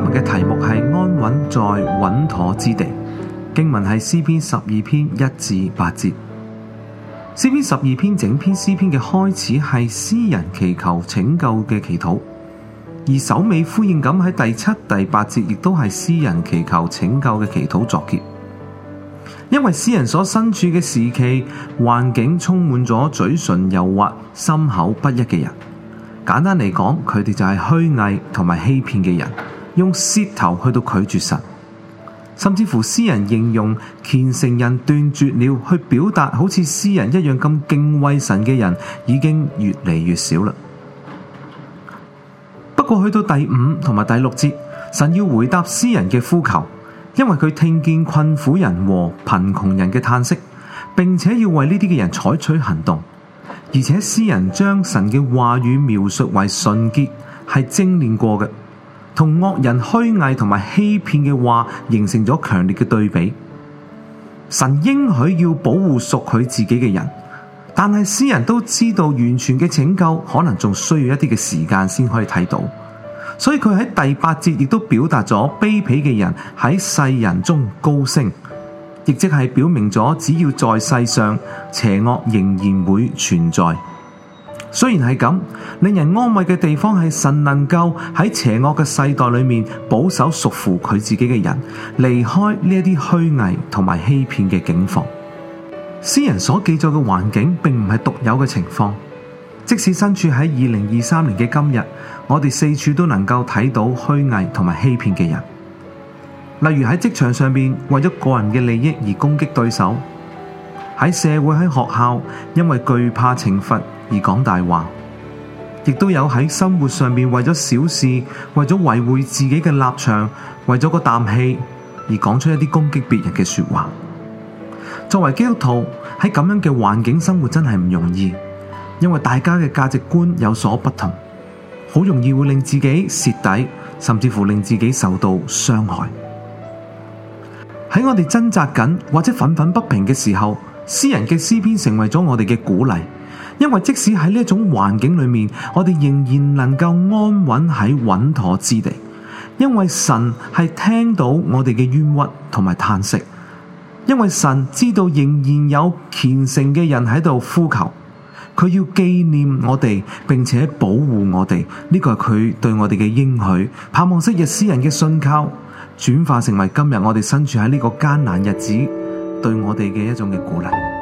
今日嘅題目係安穩在穩妥之地，經文係詩篇十二篇一至八節。詩篇十二篇整篇詩篇嘅開始係詩人祈求拯救嘅祈禱，而首尾呼應咁喺第七、第八節亦都係詩人祈求拯救嘅祈禱作結。因為詩人所身處嘅時期環境充滿咗嘴唇油滑、心口不一嘅人，簡單嚟講，佢哋就係虛偽同埋欺騙嘅人。用舌頭去到拒絕神，甚至乎詩人形容虔誠人斷絕了去表達，好似詩人一樣咁敬畏神嘅人，已經越嚟越少啦。不過去到第五同埋第六節，神要回答詩人嘅呼求，因為佢聽見困苦人和貧窮人嘅嘆息，並且要為呢啲嘅人採取行動。而且詩人將神嘅話語描述為純潔，係精煉過嘅。同惡人虛偽同埋欺騙嘅話，形成咗強烈嘅對比。神應許要保護屬佢自己嘅人，但係詩人都知道，完全嘅拯救可能仲需要一啲嘅時間先可以睇到。所以佢喺第八節亦都表達咗卑鄙嘅人喺世人中高升，亦即係表明咗只要在世上，邪惡仍然會存在。雖然係咁，令人安慰嘅地方係神能夠喺邪惡嘅世代裏面保守屬乎佢自己嘅人，離開呢一啲虛偽同埋欺騙嘅境況。詩人所記載嘅環境，並唔係獨有嘅情況。即使身處喺二零二三年嘅今日，我哋四處都能夠睇到虛偽同埋欺騙嘅人。例如喺職場上面，為咗個人嘅利益而攻擊對手；喺社會喺學校，因為懼怕懲罰。而講大話，亦都有喺生活上面為咗小事，為咗維護自己嘅立場，為咗個啖氣而講出一啲攻擊別人嘅說話。作為基督徒喺咁樣嘅環境生活真係唔容易，因為大家嘅價值觀有所不同，好容易會令自己蝕底，甚至乎令自己受到傷害。喺我哋掙扎緊或者憤憤不平嘅時候，詩人嘅詩篇成為咗我哋嘅鼓勵。因為即使喺呢一種環境裏面，我哋仍然能夠安穩喺穩妥之地。因為神係聽到我哋嘅冤屈同埋嘆息，因為神知道仍然有虔誠嘅人喺度呼求，佢要紀念我哋，並且保護我哋。呢個係佢對我哋嘅應許，盼望昔日詩人嘅信靠轉化成為今日我哋身處喺呢個艱難日子對我哋嘅一種嘅鼓勵。